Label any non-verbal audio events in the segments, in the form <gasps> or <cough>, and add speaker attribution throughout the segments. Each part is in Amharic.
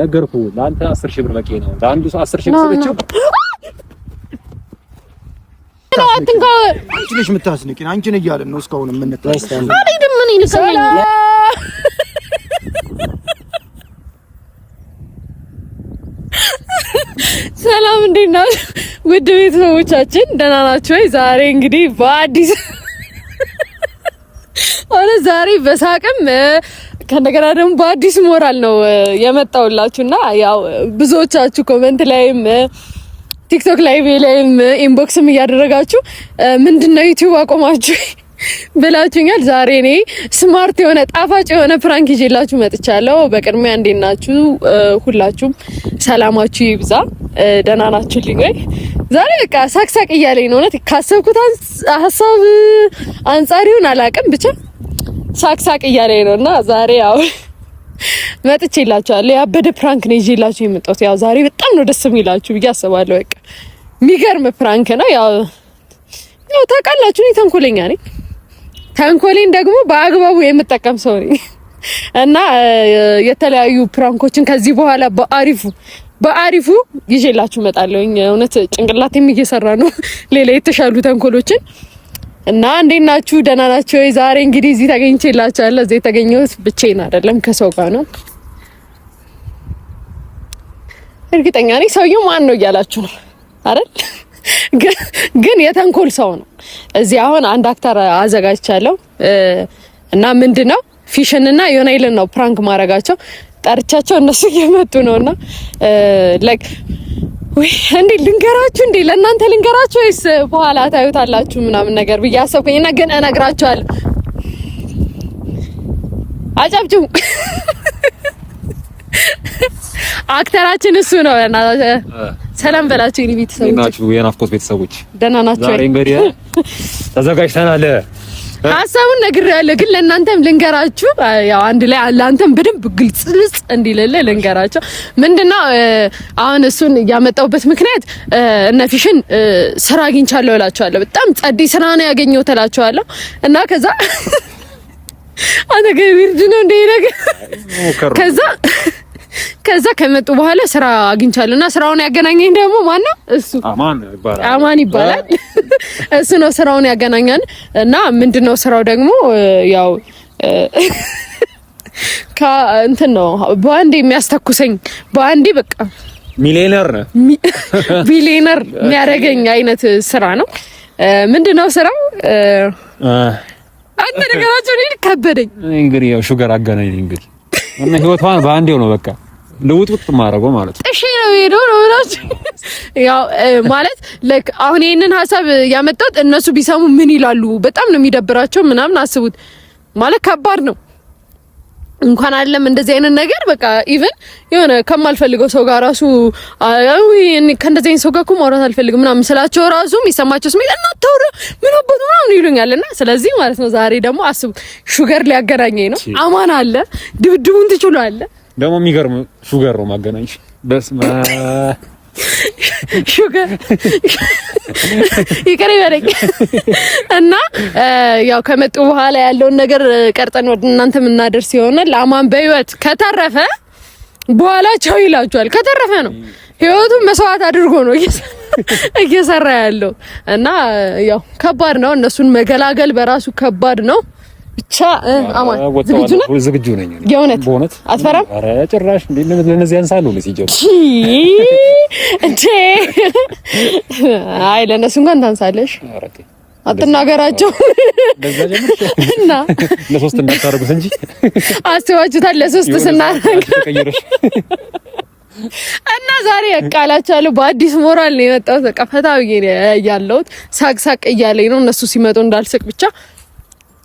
Speaker 1: ነገርኩህ። ለአንተ አስር ሺህ ብር በቂ ነው። ለአንዱ አስር ሺህ ብር ሰጥቼው
Speaker 2: አንቺ ነሽ የምታስንቂን። አንቺን እያለን ነው እስካሁን የምንጠይቀው። ሰላም እንዴት ናችሁ? ውድ ቤተሰቦቻችን ደህና ናችሁ ወይ? ዛሬ እንግዲህ በአዲስ ሆነ ዛሬ በሳቅም ከእንደገና ደግሞ በአዲስ ሞራል ነው የመጣውላችሁ እና ያው ብዙዎቻችሁ ኮመንት ላይም ቲክቶክ ላይ ላይም ኢንቦክስም እያደረጋችሁ ምንድን ነው ዩቲዩብ አቆማችሁ ብላችሁኛል። ዛሬ እኔ ስማርት የሆነ ጣፋጭ የሆነ ፕራንክ ይዤላችሁ መጥቻለሁ። በቅድሚያ እንዴት ናችሁ? ሁላችሁም ሰላማችሁ ይብዛ። ደህና ናችሁልኝ ዛሬ በቃ ሳቅሳቅ እያለኝ ነው። እውነት ካሰብኩት ሀሳብ አንጻር ይሁን አላውቅም ብቻ ሳቅሳቅ እያለኝ ነው እና ዛሬ ያው መጥቼ ይላችኋለሁ። ያበደ ፕራንክ ነው ይዤላችሁ የመጣሁት። ያው ዛሬ በጣም ነው ደስ የሚላችሁ ብዬ አስባለሁ። በቃ የሚገርም ፕራንክ ነው። ያው ያው ታውቃላችሁ፣ እኔ ተንኮለኛ ነኝ። ተንኮሌን ደግሞ በአግባቡ የምጠቀም ሰው ነኝ እና የተለያዩ ፕራንኮችን ከዚህ በኋላ በአሪፉ በአሪፉ ይዤላችሁ እመጣለሁ። እውነት ጭንቅላቴም እየሰራ ነው ሌላ የተሻሉ ተንኮሎችን እና እንዴት ናችሁ? ደህና ናችሁ? ዛሬ እንግዲህ እዚህ ተገኝቼላችኋለሁ። እዚህ የተገኘሁት ብቻዬን አይደለም፣ ከሰው ጋር ነው። እርግጠኛ ነኝ ሰውዬው ማን ነው እያላችሁ ነው አይደል? ግን የተንኮል ሰው ነው። እዚህ አሁን አንድ አክተር አዘጋጅቻለሁ እና ምንድን ነው ፊሽን እና ዮናይልን ነው ፕራንክ ማድረጋቸው። ጠርቻቸው እነሱ እየመጡ ነውና ላይክ ወይ እንዴ ልንገራችሁ እንዴ ለእናንተ ልንገራችሁ ወይስ በኋላ ታዩታላችሁ ምናምን ነገር ብዬ አሰብኩኝ እና ግን እነግራችኋለሁ። አጨብጭቡ። አክተራችን እሱ ነው። እና ሰላም በላችሁ እንግዲህ ቤተሰቦች፣
Speaker 1: የናፍቆት ቤተሰቦች ደህና ናቸው። ዛሬ እንግዲህ ተዘጋጅተናል።
Speaker 2: ሀሳቡን ነግሬያለሁ፣ ግን ለእናንተም ልንገራችሁ። ያው አንድ ላይ ለአንተም በደንብ ግልጽ ልጽ እንዲልልህ ልንገራቸው። ምንድነው አሁን እሱን ያመጣውበት ምክንያት ፊሽን ስራ አግኝቻለሁ እላቸዋለሁ። በጣም ጸዴ ስራ ነው ያገኘው እላቸዋለሁ እና ከዛ <laughs> አንተ ገቢርድ ነው እንደ ነገር ከዛ ከዛ ከመጡ በኋላ ስራ አግኝቻለሁ እና ስራውን ያገናኘኝ ደግሞ ነው?
Speaker 1: እሱ አማን
Speaker 2: ይባላል። <laughs> እሱ ነው ስራውን ያገናኛል። እና ምንድነው ስራው ደግሞ ያው ከእንትን <laughs> ነው በአንዴ የሚያስተኩሰኝ በአንዴ በቃ ሚሊየነር ነው ሚሊየነር <laughs> የሚያደርገኝ አይነት ስራ ነው። ምንድነው ስራው? አንተ ነገራቸው ከበደኝ።
Speaker 1: እንግዲህ ያው ሹገር አገናኝ እንግዲህ እና ህይወቷን በአንዴው ነው በቃ ልውጥውጥ ማድረጎ ማለት
Speaker 2: ነው። እሺ ነው የሄደው ነው ብላችሁ ያው ማለት ላይክ አሁን ይሄንን ሀሳብ ያመጣሁት እነሱ ቢሰሙ ምን ይላሉ? በጣም ነው የሚደብራቸው ምናምን አስቡት። ማለት ከባድ ነው። እንኳን አይደለም እንደዚህ አይነት ነገር በቃ ኢቭን የሆነ ከማልፈልገው ሰው ጋር ራሱ ከእንደዚህ አይነት ሰው ጋር እኮ ማውራት አልፈልግም ምናምን ስላቸው ራሱ የሚሰማቸው ስሜት እናታውሩ ምን አባቱ ምናምን ይሉኛል። እና ስለዚህ ማለት ነው ዛሬ ደግሞ አስቡት ሹገር ሊያገናኘኝ ነው። አማን አለ ድብድቡን ትችሉ አለ
Speaker 1: ደግሞ የሚገርም ሹገር ነው ማገናኘሽ። በስመ
Speaker 2: ሹገር ይቅር ይበለኝ እና ያው ከመጡ በኋላ ያለውን ነገር ቀርጠን ወደ እናንተ የምናደርስ ይሆናል። ለአማን በህይወት ከተረፈ በኋላቸው ይላችኋል። ከተረፈ ነው ህይወቱን መስዋዕት አድርጎ ነው እየሰራ ያለው እና ያው ከባድ ነው። እነሱን መገላገል በራሱ ከባድ ነው። ብቻ አማን ዝግጁ ነኝ። የእውነት በእውነት አትፈራም?
Speaker 1: ኧረ ጭራሽ ያንሳሉ ሲጀምር
Speaker 2: አይ እንኳን ታንሳለሽ። አትናገራቸው
Speaker 1: እና ለሶስት እንዳታረጉት እንጂ
Speaker 2: አስባችሁታል? ለሶስት እና ዛሬ በአዲስ ሞራል ነው የመጣሁት። በቃ ፈታ ብዬ ያለሁት እያለኝ ነው። እነሱ ሲመጡ እንዳልስቅ ብቻ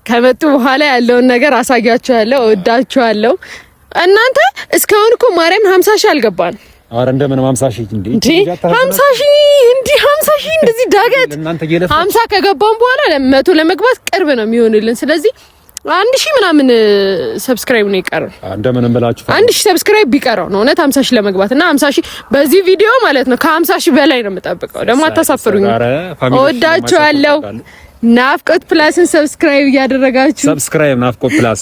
Speaker 2: ከመጡ በኋላ ያለውን ነገር አሳያችኋለሁ። እወዳችኋለሁ። እናንተ እስካሁን እኮ ማርያም ሀምሳ ሺህ አልገባን።
Speaker 1: አረ እንደምን ሀምሳ ሺህ እንዴ
Speaker 2: ሀምሳ ሺህ እንዲ ሀምሳ ሺህ እንደዚህ ዳገት ሀምሳ ከገባን በኋላ ለመቶ ለመግባት ቅርብ ነው የሚሆንልን። ስለዚህ አንድ ሺህ ምናምን ሰብስክራይብ ነው የቀረው።
Speaker 1: እንደምንም ብላችሁ
Speaker 2: አንድ ሺህ ሰብስክራይብ ቢቀረው ነው እውነት ሀምሳ ሺህ ለመግባት እና ሀምሳ ሺህ በዚህ ቪዲዮ ማለት ነው ከሀምሳ ሺህ በላይ ነው የምጠብቀው። ደግሞ አታሳፍሩኝ። እወዳችኋለሁ። ናፍቆት ፕላስን ሰብስክራይብ እያደረጋችሁ
Speaker 1: ሰብስክራይብ ናፍቆት ፕላስ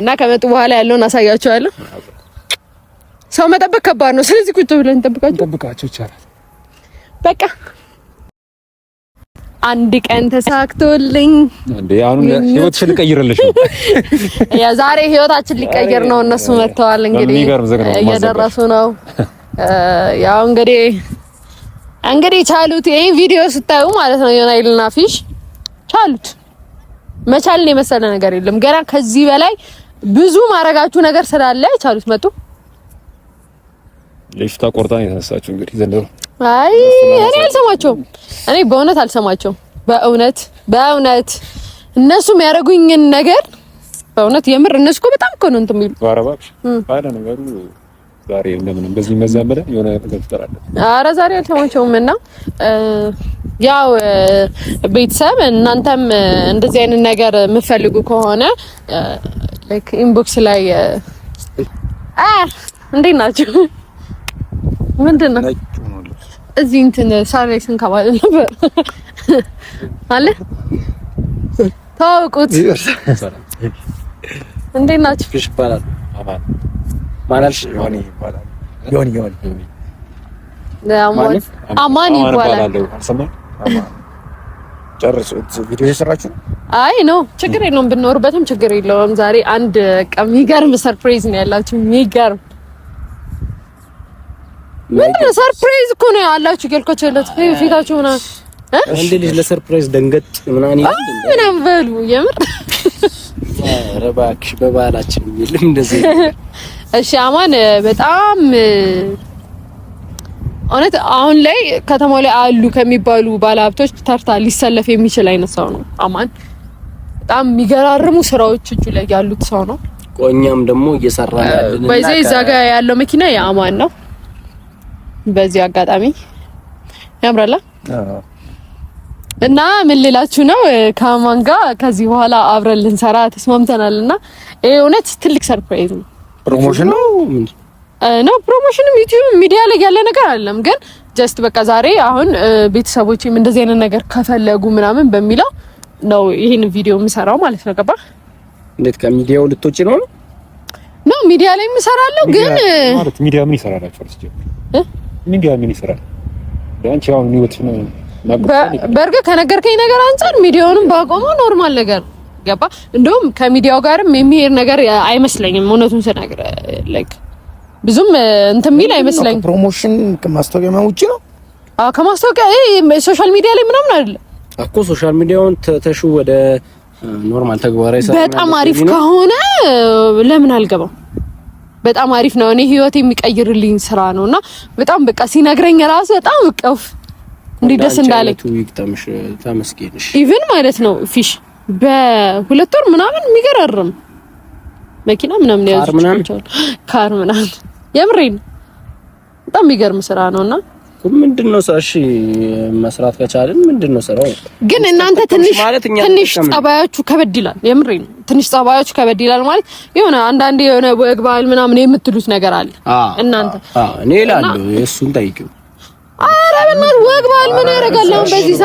Speaker 2: እና ከመጡ በኋላ ያለውን አሳያችኋለሁ። ሰው መጠበቅ ከባድ ነው። ስለዚህ ቁጭ ብለን
Speaker 1: እንጠብቃቸው ይቻላል።
Speaker 2: በቃ አንድ ቀን ተሳክቶልኝ
Speaker 1: እንዴ! አሁን ህይወትሽን ልቀይርልሽ ነው። <laughs>
Speaker 2: ያ ዛሬ ህይወታችን ሊቀይር ነው። እነሱ መጥተዋል። እንግዲህ እየደረሱ ነው ያው እንግዲህ እንግዲህ ቻሉት። ይሄ ቪዲዮ ስታዩ ማለት ነው ናይልና ፊሽ ቻሉት። መቻልን የመሰለ ነገር የለም። ገና ከዚህ በላይ ብዙ ማረጋችሁ ነገር ስላለ ቻሉት። መጡ
Speaker 1: ልጅቷ ቆርጣ ነው የተነሳችው። እንግዲህ ዘንድሮ
Speaker 2: አይ እኔ አልሰማቸውም። እኔ በእውነት አልሰማቸውም። በእውነት በእውነት እነሱ የሚያደርጉኝን ነገር በእውነት የምር እነሱ እኮ በጣም እኮ ነው እንትን የሚሉ
Speaker 1: ዛሬ እንደምንም በዚህ መዛመደ የሆነ ነገር ትጠራለህ?
Speaker 2: ኧረ ዛሬ አልተመቸውም እና ያው ቤተሰብ እናንተም እንደዚህ አይነት ነገር የምትፈልጉ ከሆነ ላይክ ኢንቦክስ ላይ አ እንዴት ናችሁ? ምንድን ነው እዚህ እንትን ሳር ላይ ስንከባል ነበር አለ ታውቁት እንዴት ናችሁ?
Speaker 1: ማናልሽ ዮኒ ይባላል። ዮኒ ዮኒ
Speaker 2: አማን ይባላል።
Speaker 1: ጨርሱት። ቪዲዮ የሰራችሁ
Speaker 2: አይ ነው ችግር የለውም ብንኖርበትም ችግር የለውም። ዛሬ አንድ ቀ የሚገርም ሰርፕራይዝ ነው ያላችሁ። የሚገርም ምንድን ነው ሰርፕራይዝ እኮ ነው ያላችሁ። ገልኳቸው ያለት ፊታችሁ ሆና
Speaker 1: እንዴ ልጅ ለሰርፕራይዝ ደንገጥ
Speaker 2: ምናምን ምናምን በሉ የምር
Speaker 1: ኧረ እባክሽ በባህላችን የሚልም እንደዚህ <laughs>
Speaker 2: እሺ አማን በጣም እውነት አሁን ላይ ከተማ ላይ አሉ ከሚባሉ ባለሀብቶች ተርታ ሊሰለፍ የሚችል አይነት ሰው ነው። አማን በጣም የሚገራርሙ ስራዎች እጁ ላይ ያሉት ሰው ነው።
Speaker 1: ቆኛም ደግሞ እየሰራ
Speaker 2: ያለው በዚህ እዛ ያለው መኪና የአማን ነው። በዚህ አጋጣሚ ያምራላ እና ምን ልላችሁ ነው ከአማን ጋር ከዚህ በኋላ አብረን ልንሰራ ተስማምተናል እና ይሄ እውነት ትልቅ ሰርፕራይዝ ነው። ፕሮሞሽን ነው ነው ፕሮሞሽንም ዩቲዩብ ሚዲያ ላይ ያለ ነገር አይደለም። ግን ጀስት በቃ ዛሬ አሁን ቤተሰቦችም እንደዚህ አይነት ነገር ከፈለጉ ምናምን በሚለው ነው ይሄን ቪዲዮ የምሰራው ማለት ነው። ገባ
Speaker 1: እንዴት ከሚዲያው ልትወጪ ነው
Speaker 2: ነው ሚዲያ ላይ የምሰራለው ግን
Speaker 1: ማለት ሚዲያ ምን ይሰራል? ፈርስት እ ሚዲያ ምን ይሰራል? ያንቺ አሁን ነው።
Speaker 2: በእርግጥ ከነገርከኝ ነገር አንጻር ሚዲያውንም ባቆመው ኖርማል ነገር ገባ። እንደውም ከሚዲያው ጋርም የሚሄድ ነገር አይመስለኝም። እውነቱን ስነግር ላይክ ብዙም እንትን ሚል አይመስለኝም።
Speaker 1: ፕሮሞሽን ከማስታወቂያ ውጪ ነው።
Speaker 2: አዎ ከማስታወቂያ ሶሻል ሚዲያ ላይ ምናምን አይደለ
Speaker 1: እኮ ሶሻል ሚዲያውን ተተሹ ወደ ኖርማል ተግባራዊ
Speaker 2: በጣም አሪፍ ከሆነ ለምን አልገባም? በጣም አሪፍ ነው። እኔ ህይወት የሚቀይርልኝ ስራ ነውና በጣም በቃ ሲነግረኝ ራሱ በጣም እቀፍ እንዲህ ደስ እንዳለኝ ኢቭን ማለት ነው ፊሽ በሁለት ወር ምናምን የሚገራርም መኪና ምናምን ያዙ <gasps> ካር ምናምን የምሬን በጣም የሚገርም ስራ ነውና
Speaker 1: ምንድን ነው እሺ፣ መስራት ከቻልን ምንድን ነው ስራው?
Speaker 2: ግን እናንተ ትንሽ ትንሽ ጸባያችሁ ከበድ ይላል። የምሬን ነው። ትንሽ ጸባያችሁ ከበድ ይላል ማለት የሆነ አንዳንዴ የሆነ ወግ ባህል ምናምን የምትሉት ነገር አለ
Speaker 1: እናንተ። እኔ እላለሁ እሱን ጠይቂው
Speaker 2: ኧረ በእናትህ ወግ በዓል ምን ያደርጋል አሁን በዚህ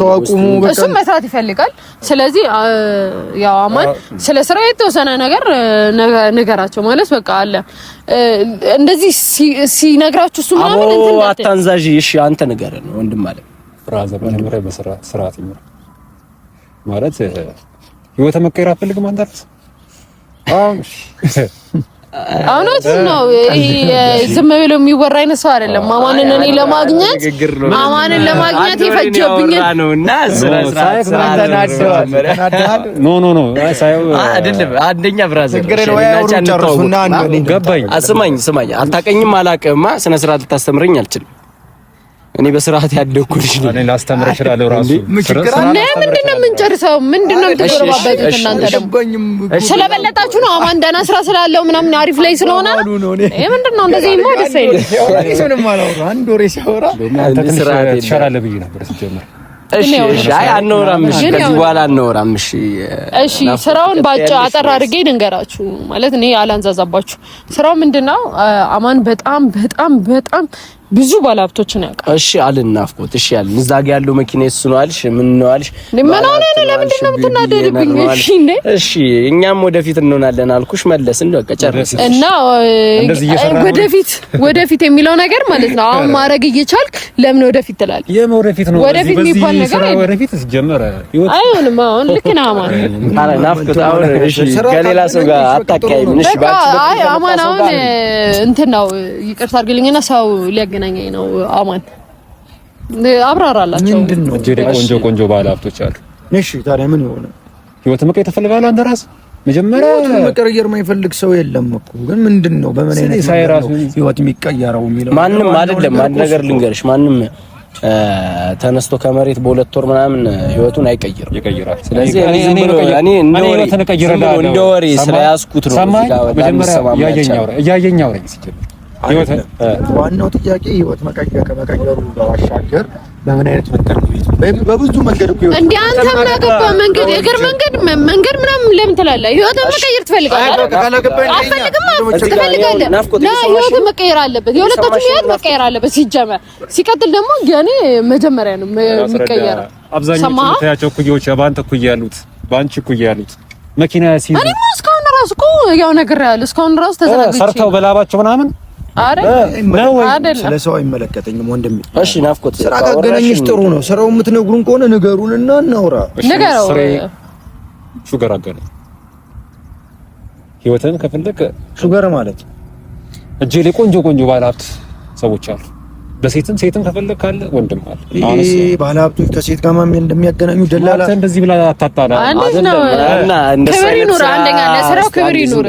Speaker 2: ሰዓት? እሱም መስራት ይፈልጋል። ስለዚህ ያው አማን ስለ ስራ የተወሰነ ነገር ንገራቸው ማለት በቃ አለ እንደዚህ ሲነግራችሁ እሱ ምናምን
Speaker 1: እንትን አታንዛዥ። እሺ አንተ ንገረን ወንድም አለ ብራዘር፣ መጀመሪያ በስርዓት ስርዓት ይመራል ማለት ህይወት መቀየር አትፈልግም አንተ
Speaker 2: እውነት ነው። ይሄ ዝም ብሎ የሚወራ አይነት ሰው አይደለም። ማማንን እኔ ለማግኘት ማማንን ለማግኘት የፈጀብኝ
Speaker 1: ነው እና አንደኛ ብራዘር ገባኝ። ስማኝ ስማኝ፣ አታቀኝም፣ አላቅማ ስነ ስርዓት ልታስተምረኝ አልችልም እኔ በስርዓት ያደግኩ ልጅ ነኝ። እኔ ላስተምር እችላለሁ። ራሱ
Speaker 2: ምንድን ነው የምንጨርሰው? ምንድን ነው የምትጎረባበጡት እናንተ? ደግሞ ስለበለጣችሁ ነው። አማን ደህና ስራ ስላለው ምናምን አሪፍ ላይ ስለሆነ ምንድን ነው እንደዚህ ማ ደስ
Speaker 1: አይልም። አንድ ወሬ ሲያወራ ትሻላለህ ብዬሽ ነበር ሲጀምር
Speaker 2: እሺ ስራውን ባጭ አጠር አድርጌ ልንገራችሁ። ማለት እኔ አላንዛዛባችሁ። ስራው ምንድነው? አማን በጣም በጣም በጣም ብዙ ባለሀብቶችን ያውቃል።
Speaker 1: እሺ አልን ናፍቆት እሺ አልን እዛ ጋር ያለው መኪና እሱ ነው አልሽ። ምን ነው አልሽ?
Speaker 2: ምን ሆነ ነው? ለምንድን ነው የምትናደድብኝ? እሺ
Speaker 1: እንዴ እሺ፣ እኛም ወደፊት እንሆናለን አልኩሽ። መለስን በቃ ጨረስሽ።
Speaker 2: እና ወደፊት ወደፊት የሚለው ነገር ማለት ነው አሁን ማድረግ እየቻልክ ለምን ወደፊት ትላለህ? የምን ወደፊት ነው? ወደፊት የሚባል ነገር
Speaker 1: አይ ወደፊት ጀመረ
Speaker 2: አይሆንም። አሁን ልክ ነህ አማን።
Speaker 1: አረ ናፍቆት አሁን እሺ፣ ከሌላ ሰው ጋር አታውቂም።
Speaker 2: እሺ ባጭ አይ አማን አሁን እንትን ነው ይቅርታ አድርግልኝና ሰው ሊያገናኝ እያገናኘኝ ነው። አማን አብራራላቸው።
Speaker 1: ቆንጆ ቆንጆ ባለ ሀብቶች አሉ። እሺ ታዲያ ምን ይሆነ? ህይወት መቀየር ትፈልጋለህ አንተ ራስህ? መጀመሪያ መቀየር የማይፈልግ ሰው የለም እኮ። ግን ምንድን ነው በምን አይነት ህይወት የሚቀየረው የሚለው ማንም አይደለም። አንድ ነገር ልንገርሽ፣ ማንም ተነስቶ ከመሬት በሁለት ወር ምናምን ህይወቱን አይቀይርም፣ ይቀይራል። ስለዚህ እኔ እኔ እንደ ወሬ ስለያዝኩት ነው። መጀመሪያ እያየኝ አውረኝ ሲጀምር ዋናው ጥያቄ ህይወት መቀየር ከመቀየሩ ባሻገር በምን አይነት መንገድ ነው? በብዙ መንገድ እኮ
Speaker 2: እንደ አንተ ምን መንገድ እግር መንገድ መንገድ ምናምን ለምን ትላለህ? ህይወት መቀየር ትፈልጋለህ? ህይወት መቀየር አለበት። ህይወት መቀየር አለበት። ሲጀመር ሲቀጥል ደግሞ መጀመሪያ ነው
Speaker 1: አብዛኛው ታያቸው ኩዮች ኩያ ያሉት ኩያ ያሉት መኪና ሲይዝ
Speaker 2: እኔ እስካሁን ራሱ እኮ ያው ነገር ያለ እስካሁን ራሱ
Speaker 1: ተዘናግቼ ሰርተው በላባቸው ምናምን ስለ ሰው አይመለከተኝም ወንድሜ። እሺ ናፍቆት ስራ ካገናኘሽ ጥሩ ነው። ስራው የምትነግሩን ከሆነ ንገሩን እና እናውራ። ሹገር አገነ ህይወትን ከፈለክ ሹገር ማለት እጄ ላይ ቆንጆ ቆንጆ ባለሀብት ሰዎች አሉ። በሴትም ሴትም ከፈለክ ካለ ወንድም አለ። ይሄ ባለሀብቶች ከሴት ጋር ማን እንደሚያገናኙ ደላላ እንደዚህ ብላ አታጣና።
Speaker 2: አንደኛ ለስራው ክብር ይኑር።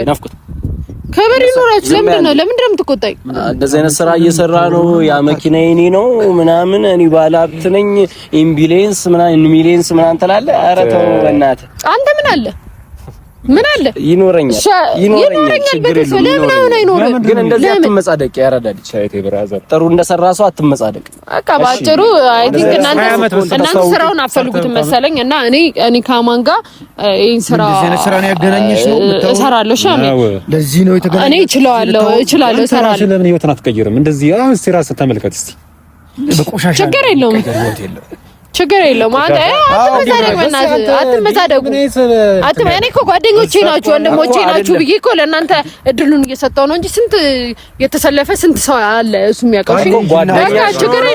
Speaker 2: ክብር ይኖራችሁ። ለምንድን ነው ለምንድን ነው የምትቆጣኝ?
Speaker 1: እንደዚህ አይነት ስራ እየሰራ ነው። ያ መኪና የኔ ነው ምናምን እኔ ባለ ነኝ ኢምቢሌንስ ምናምን ኢምቢሌንስ ምናምን ትላለህ። ኧረ ተው በእናትህ
Speaker 2: አንተ ምን አለ ምን አለ ይኖረኛል፣ ይኖረኛል።
Speaker 1: ግን እንደዚህ አትመጻደቅ። ያረዳል ቻይቴ ብራዘር ጥሩ እንደሰራ ሰው አትመጻደቅ።
Speaker 2: በቃ ባጭሩ አይ ቲንክ እናንተ ስራውን መሰለኝ እና እኔ እኔ ከማን ጋር ይሄን
Speaker 1: ስራ ያገናኘሽ ነው
Speaker 2: እሰራለሁ። ለዚህ ነው የተገናኘው። እኔ እችላለሁ፣ እችላለሁ፣ እሰራለሁ።
Speaker 1: ለምን ህይወትን አትቀይርም? እንደዚህ አሁን ስራ ስትመልከት እስቲ
Speaker 2: በቆሻሻ ችግር የለውም። ችግር የለውም። አንተ አትመዛደግ፣ በእናትህ አትመዛደጉ። እኔ እኮ ጓደኞቼ ናችሁ፣ ወንድሞቼ ናችሁ ብዬ እኮ ለእናንተ እድሉን እየሰጠው ነው እንጂ ስንት የተሰለፈ ስንት ሰው አለ። እሱ የሚያውቀው ችግር አይደለም። እሱን ነው ያለሽው። አንዴ አንዴ አንዴ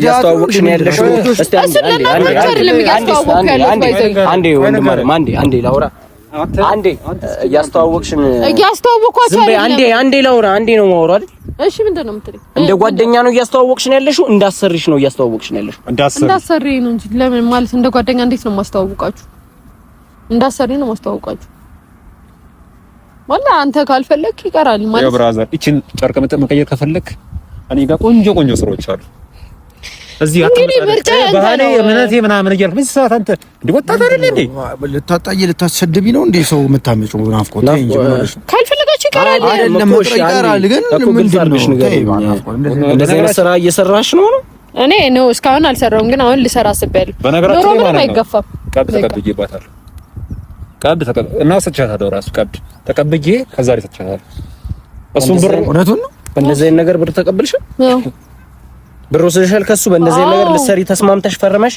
Speaker 1: እያስተዋወቅሽን
Speaker 2: እያስተዋወቅኳቸው
Speaker 1: አንዴ አንዴ ላውራ አንዴ ነው የማወራው አይደል
Speaker 2: እሺ ምንድን ነው የምትለኝ?
Speaker 1: እንደ ጓደኛ ነው እያስተዋወቅሽ ነው ያለሽው? እንዳሰሪሽ ነው እያስተዋወቅሽ ነው ያለሽው?
Speaker 2: እንዳሰሪ ነው እንጂ ለምን ማለት እንደ ጓደኛ እንዴት ነው የማስተዋውቃችሁ? እንዳሰሪ ነው የማስተዋውቃችሁ። ወላ አንተ ካልፈለክ ይቀራል
Speaker 1: ማለት ነው። ብራዘር እቺን ጨርቅ መቀየር ከፈለክ እኔ ጋር ቆንጆ ቆንጆ ስራዎች አሉ። እዚህ ባህሌ እምነቴ ምናምን እያልክ ምን ሰዓት አንተ እንደ ወጣት አይደል እንዴ? ልታጣይ ልታሰድቢ ነው እንዴ? ሰው የምታመጪው ናፍቆት እንጂ
Speaker 2: ካልፈለክ ይቀራል።
Speaker 1: ስራ እየሰራሽ ነው ነው
Speaker 2: እኔ ነው እስካሁን አልሰራውም፣ ግን አሁን ልሰራ አስቤያለሁ። በነገራችን ላይ አይገፋም።
Speaker 1: ቀብድ ተቀብዬባታለሁ። ቀብድ ተቀብ እና ሰጥቻታለሁ። ራሱ ቀብድ ተቀብዬ ከዛሬ ሰጥቻታለሁ። እሱም ብር እውነቱን ነው። በእንደዚህ አይነት ነገር ብር ተቀብልሽ ብር ወስደሻል ከሱ። በእንደዚህ አይነት ነገር ልትሰሪ ተስማምተሽ ፈርመሽ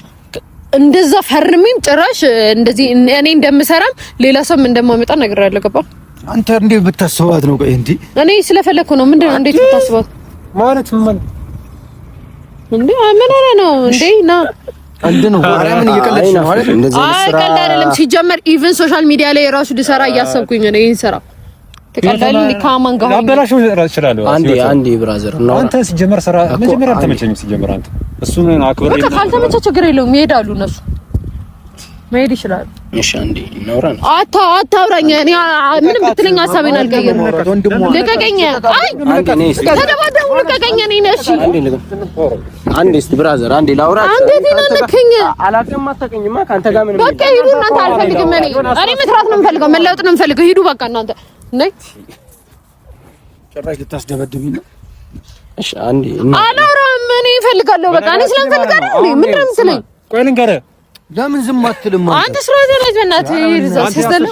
Speaker 2: እንደዛ ፈርሚም ጭራሽ እንደዚህ እኔ እንደምሰራም ሌላ ሰውም እንደማመጣ ነግራለሁ። ገባ
Speaker 1: አንተ እንዴት ብታስባት ነው? ቆይ እንዴ
Speaker 2: እኔ ስለፈለኩ ነው። ምንድነው? ነው እንዴት ብታስባት ማለት ምን እንዴ? ምን ሆነ ነው እንዴ? ና
Speaker 1: አንድ ነው ማርያምን እየቀለድሽ
Speaker 2: ነው ማለት እንደዚህ ስራ አይ ቀልድ አይደለም። ሲጀመር ኢቭን ሶሻል ሚዲያ ላይ ራሱ ልሰራ እያሰብኩኝ ነው ይሄን ስራ ተቀበልን ካማን ጋር
Speaker 1: አበላሽ እራት እችላለሁ። አንዴ አንዴ ብራዘር ነው አንተ ሲጀመር ስራ መጀመሪያ አልተመቸኝም። ሲጀመር አንተ
Speaker 2: እሱ እሱን አክብር ካልተመቸህ ችግር የለውም ይሄዳሉ እነሱ መሄድ ይችላል።
Speaker 1: እሺ አንዴ እናውራ።
Speaker 2: አታ አታውራኝ። እኔ ምንም ብትለኝ ሀሳቤን አልቀየርም። ልቀቀኝ። አይ ተደባደቡ። ልቀቀኝ። እኔ ነሽ
Speaker 1: አንዴ እስቲ ብራዘር፣ አንዴ ላውራ።
Speaker 2: አንገቴን አነከኝ። አላውቅም። አታውቅኝማ። ከአንተ ጋር ምንም በቃ ሂዱ እናንተ። አልፈልግም። እኔ እኔ መስራት ነው የምፈልገው፣ መለወጥ ነው የምፈልገው። ሂዱ በቃ እናንተ። ነይ
Speaker 1: ጭራሽ ልታስደበድብኝ ነው። እሺ አንዴ
Speaker 2: አላውራም። እኔ እፈልጋለሁ። በቃ እኔ ስለምፈልግ አይደል እንዴ? ምንድን ነው የምትለኝ?
Speaker 1: ቆይ ልንገርህ ለምን ዝም አትልም?
Speaker 2: አንተ ስራ ዘላጅ በእናት ይርዛ
Speaker 1: ሲስተን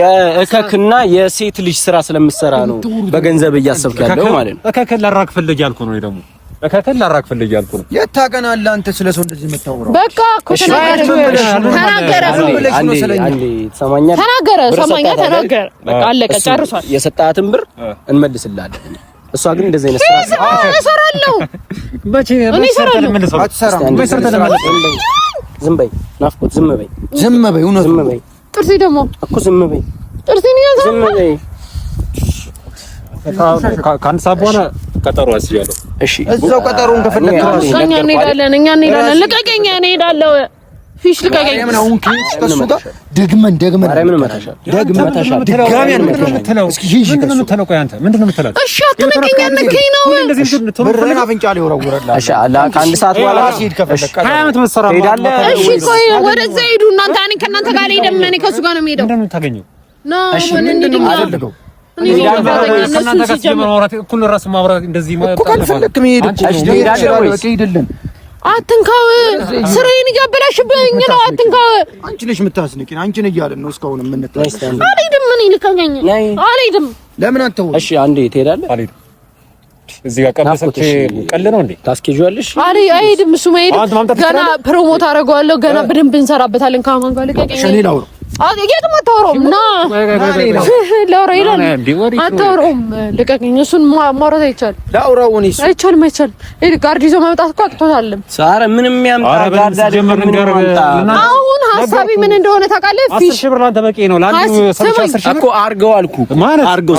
Speaker 1: የእከክና የሴት ልጅ ስራ ስለምሰራ ነው በገንዘብ እያሰብክ ያለው ማለት ነው። እከክን ላራክ ፈልግ ያልኩ ነው ደግሞ እከክን ላራክ ፈልግ ያልኩ ነው። የት አንተ ስለ ሰው እንደዚህ የምታወራው?
Speaker 2: በቃ ተናገረ፣ ሰማኛ፣ ተናገረ። በቃ አለቀ፣ ጨርሷል።
Speaker 1: የሰጣትን ብር እንመልስላለን። እሷ ግን እንደዚህ አይነት
Speaker 2: ስራ እሰራለሁ። በቺ እኔ
Speaker 1: እሰራለሁ። ዝም በይ ናፍቆት፣ ዝም በይ፣ ዝም በይ፣ እውነት ዝም በይ። ጥርሴ ደግሞ እኮ ዝም በይ፣ ጥርሴ ነው ያዘው። ዝም በይ። ከአንድ ሰዓት በኋላ ቀጠሮ አስይዣለሁ። እሺ፣ እዛው ቀጠሮውን ከፈለግህ
Speaker 2: እኛ እንሄዳለን፣ እኛ እንሄዳለን። ልቀቀኝ፣ እኔ እሄዳለሁ። ፊሽ ልቀቀኝ።
Speaker 1: ደግመን ደግመን ነው።
Speaker 2: አትንካው፣ ስራዬን እያበላሽብኝ ነው። አትንካው።
Speaker 1: አንቺ ነሽ አንቺ ነሽ እያለን ነው እስካሁን የምንታስንቂኝ።
Speaker 2: አልሄድም፣ ምን ይልከኛኝ? አልሄድም።
Speaker 1: ለምን አንተው? እሺ፣ አንዴ ትሄዳለህ። አልሄድም። እዚህ ጋር ቀለሰች ቀለ ነው እንዴ? ታስኬጂዋለሽ?
Speaker 2: አልሄድም። እሱ መሄድ ገና ፕሮሞት አደርገዋለሁ። ገና በደንብ እንሰራበታለን። ከአማን ጋር ልቀቀኝ። እሺ፣ እኔ የትም አታወራውም እና ላውራ ይላል። አታወራውም፣ ልቀቅኝ። እሱን ማውራት
Speaker 1: አይቻልም፣
Speaker 2: አይቻልም፣ አይቻልም። ጋርድ ይዞ መምጣት እኮ አቅቶታል። ምንም አሁን ሀሳቢ ምን እንደሆነ ታውቃለህ?
Speaker 1: ፊሽ ብር ላንተ በቂ ነው እኮ አድርገው አልኩህ፣ አድርገው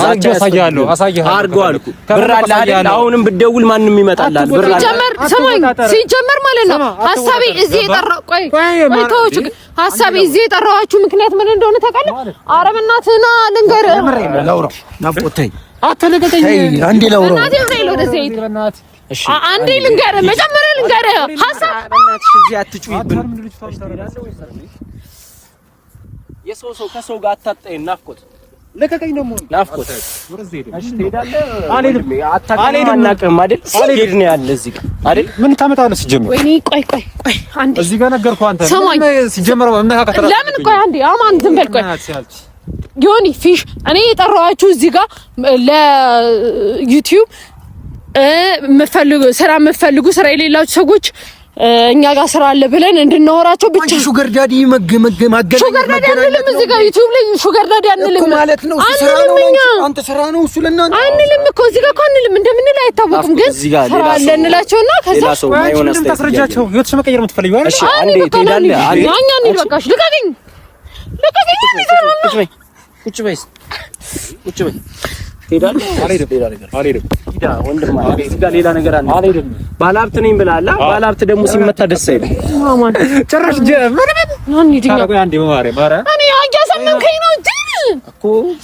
Speaker 1: አልኩህ። ብር አለ አይደል? አሁንም ብትደውል ማንም ይመጣልሃል።
Speaker 2: ሲጀመር ማለት ነው ሀሳቢ እዚህ የጠራ ቆይ ቆይ ተወው ሀሳብ ይዤ የጠራኋችሁ ምክንያት ምን እንደሆነ ታውቃለህ? ኧረ በእናትህ ና
Speaker 1: ልንገርህ። ናፍቆተኝ አትለቀቀኝ። አንዴ ላውራ
Speaker 2: አንዴ ልንገርህ፣ መጀመሪያ ልንገርህ ሀሳብ
Speaker 1: የሰው ሰው ከሰው ጋር አታጣይ ናፍቆት ለቀቀኝ
Speaker 2: ዮኒ ፊሽ እኔ የጠራኋችሁ እዚህ ጋር ለዩቲዩብ ስራ የምፈልጉ ስራ የሌላችሁ ሰዎች እኛ ጋር ስራ አለ ብለን እንድናወራቸው ብቻ።
Speaker 1: ሹገር ዳዲ መገ መገ ማገ
Speaker 2: ሹገር ዳዲ አንልም፣ እዚህ ጋር ዩቲዩብ ላይ ሹገር ዳዲ አንልም
Speaker 1: ማለት ነው። ስራ ነው አንተ ስራ ነው እሱ ለእናንተ
Speaker 2: አንልም እኮ እዚህ ጋር እኮ አንልም። እንደምንል አይታወቅም፣ ግን ስራ አለ እንላቸውና ከዛ
Speaker 1: ታስረጃቸው ህይወትሽ መቀየር የምትፈልጊው አይደል?
Speaker 2: አንዴ ትሄዳለህ።
Speaker 1: ቁጭ በይ ትሄዳለህ? ሌላ ነገር አለ። ባለሀብት ነኝ ብላላ። ባለሀብት ደግሞ ሲመታ ደስ አይልም። ጭራሽ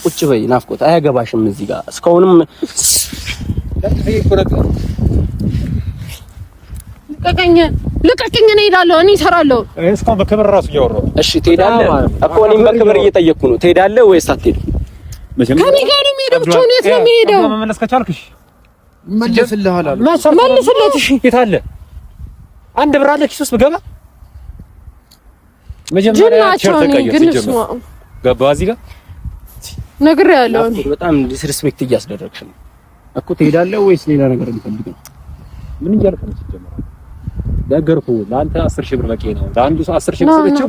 Speaker 1: ቁጭ በይ ናፍቆት፣ አያገባሽም። እዚህ ጋር እስካሁንም
Speaker 2: ልቀቀኝ፣ እሄዳለሁ፣ እኔ እሰራለሁ።
Speaker 1: እስካሁን በክብር እራሱ እያወራሁ እሺ፣ ትሄዳለህ እኮ እኔም በክብር እየጠየቅኩ ነው። ትሄዳለህ ወይስ አትሄድም?
Speaker 2: አልሄድም። ብቻውን የት ነው የሚሄደው? መመለስ ከቻልክ እሺ፣ መልስለት።
Speaker 1: እሺ፣ የት አለ? አንድ ብር አለ ኪስ ውስጥ ብገባ መጀመሪያ
Speaker 2: ቸርተቀየስ ነገር እንፈልገው?
Speaker 1: ምን እያልክ ነው? ነገርኩህ። ለአንተ አስር ሺህ ብር በቂ ነው። ለአንዱ አስር ሺህ ብር ሰጥቼው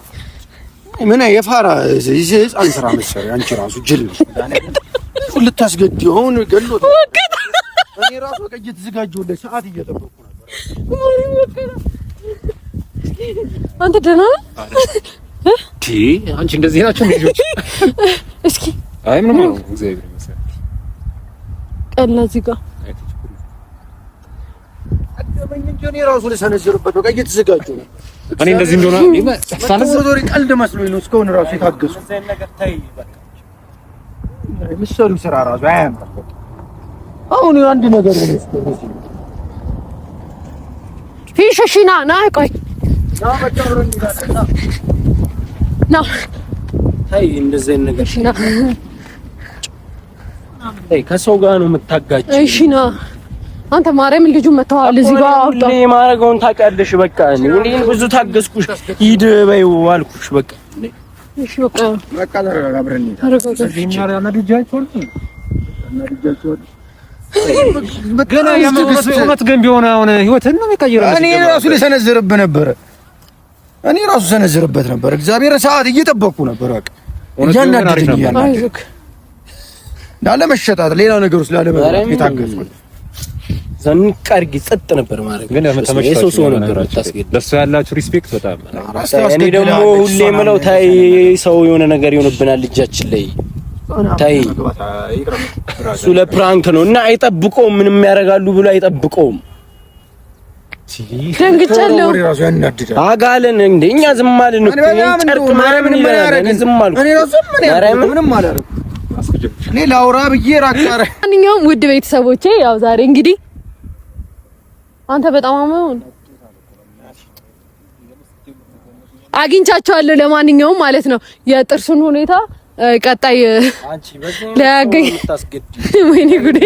Speaker 1: ምን የፋራ ህፃን ስራ መሰሪ አንቺ ራሱ ጅል ልታስገድ ሆን ገሎ እኔ ራሱ በቃ እየተዘጋጀሁለት ሰዓት እየጠበኩ
Speaker 2: ነበር። አንተ ደህና
Speaker 1: ነህ? አንቺ እንደዚህ ናቸው ልጆች። እስኪ አይ ምንም ነው እግዚአብሔር ይመስገን።
Speaker 2: ቀላ እዚህ ጋር እኔ ራሱ ልሰነዝርበት በቃ እየተዘጋጀሁ ነበር እኔ እንደዚህ እንደሆነ ወዶሪ ቀልድ መስሎኝ ነው እስካሁን ራሱ የታገሱ ምሰሉ ስራ ራሱ አያምር። አሁን አንድ ነገር ፊሽሽና ና ቆይ ና ታይ እንደዚህ ነገር ከሰው ጋር ነው የምታጋጭ። እሺ ና አንተ ማርያምን ልጁ መተዋል እዚህ ጋር አውጣ። እኔ ማረገውን ታውቂያለሽ። በቃ እኔ ብዙ ታገስኩሽ፣ ሂድ በይው አልኩሽ። በቃ እሺ፣ በቃ በቃ አብረን ገና የመወሰነት ገንቢ የሆነ አሁን ህይወትን ነው የሚቀይረው። እኔ ራሱ ልሰነዝርብህ ነበር፣ እኔ ራሱ ሰነዝርበት ነበር። እግዚአብሔር ሰዓት እየጠበቅኩ ነበር። በቃ እያናደደኝ እያናደደኝ ላለመሸጣት ሌላ ነገር ውስጥ ላለመግባት የታገዝኩት ዘንቅ አድርጊ ጸጥ ነበር ማለት ግን የሰው ሰው ሰው ነበር ታስገድ ለሱ ያላችሁ ሪስፔክት በጣም እኔ ደግሞ ሁሌ የምለው ታይ ሰው የሆነ ነገር ይሆንብናል እጃችን ላይ ታይ። እሱ ለፕራንክ ነው እና አይጠብቀውም፣ ምንም ያደርጋሉ ብሎ አይጠብቀውም። ደንግጫለሁ። አጋለን እንደ እኛ ዝም አልን እኮ ጨርቅ ማርያምን ይላል። እኔ ያረግ ምንም ማርያምን እኔ ላውራ ብዬ ራቅ። ማንኛውም ውድ ቤተሰቦቼ ያው ዛሬ እንግዲህ አንተ በጣም አመመው። አግኝቻቸዋለሁ። ለማንኛውም ማለት ነው የጥርሱን ሁኔታ ቀጣይ ላያገኝ <laughs> ወይኔ ጉዴ!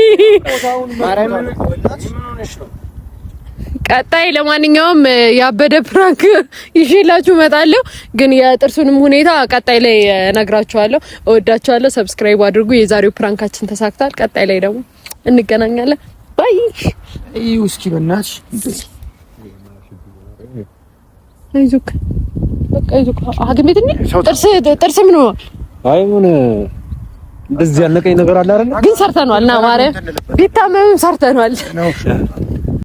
Speaker 2: ቀጣይ ለማንኛውም ያበደ ፕራንክ <laughs> ይዤላችሁ እመጣለሁ። ግን የጥርሱንም ሁኔታ ቀጣይ ላይ እነግራችኋለሁ። እወዳችኋለሁ። ሰብስክራይብ አድርጉ። የዛሬው ፕራንካችን ተሳክቷል። ቀጣይ ላይ ደግሞ እንገናኛለን። ባይ እስኪ በእናትሽ አይዞህ፣ በቃ አይዞህ። ሐኪም ቤት ጥርስ ጥርስ ምን አይ ምን እንደዚህ ያነቀኝ ነገር አለ አይደል? ግን ሰርተነዋል። ና ማርያም ቢታመምም ሰርተነዋል።